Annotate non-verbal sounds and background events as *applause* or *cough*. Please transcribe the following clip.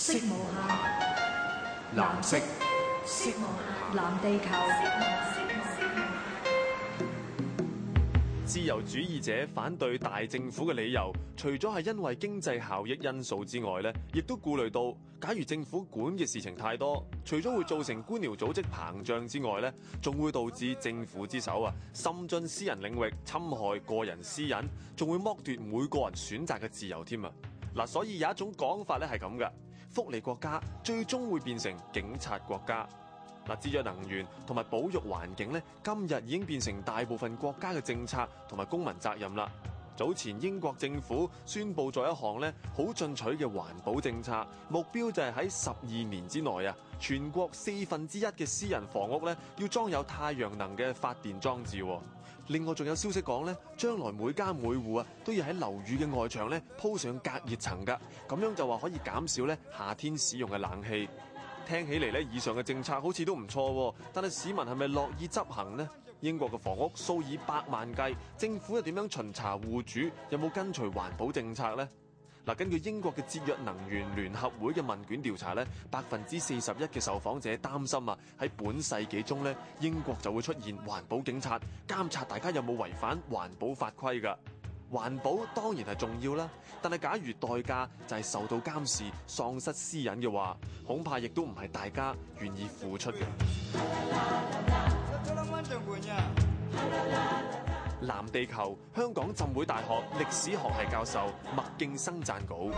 色無限，藍色，色母藍地球。自由主義者反對大政府嘅理由，除咗係因為經濟效益因素之外咧，亦都顧慮到，假如政府管嘅事情太多，除咗會造成官僚組織膨脹之外咧，仲會導致政府之手啊深進私人領域，侵害個人私隱，仲會剝奪每個人選擇嘅自由添啊！嗱，所以有一種講法咧係咁嘅，福利國家最終會變成警察國家。嗱，節約能源同埋保育環境咧，今日已經變成大部分國家嘅政策同埋公民責任啦。早前英國政府宣布咗一項咧好進取嘅環保政策，目標就係喺十二年之內啊，全國四分之一嘅私人房屋咧要裝有太陽能嘅發電裝置喎。另外仲有消息講咧，將來每家每戶啊都要喺樓宇嘅外牆咧鋪上隔熱層㗎，咁樣就話可以減少咧夏天使用嘅冷氣。聽起嚟咧，以上嘅政策好似都唔錯，但係市民係咪樂意執行呢？英國嘅房屋數以百萬計，政府又點樣巡查戶主有冇跟隨環保政策呢？嗱，根據英國嘅節約能源聯合會嘅問卷調查咧，百分之四十一嘅受訪者擔心啊，喺本世紀中咧，英國就會出現環保警察，監察大家有冇違反環保法規㗎。環保當然係重要啦，但係假如代價就係受到監視、喪失私隱嘅話，恐怕亦都唔係大家願意付出嘅。 *music* 藍地球香港浸會大學歷史學系教授麥勁生撰稿。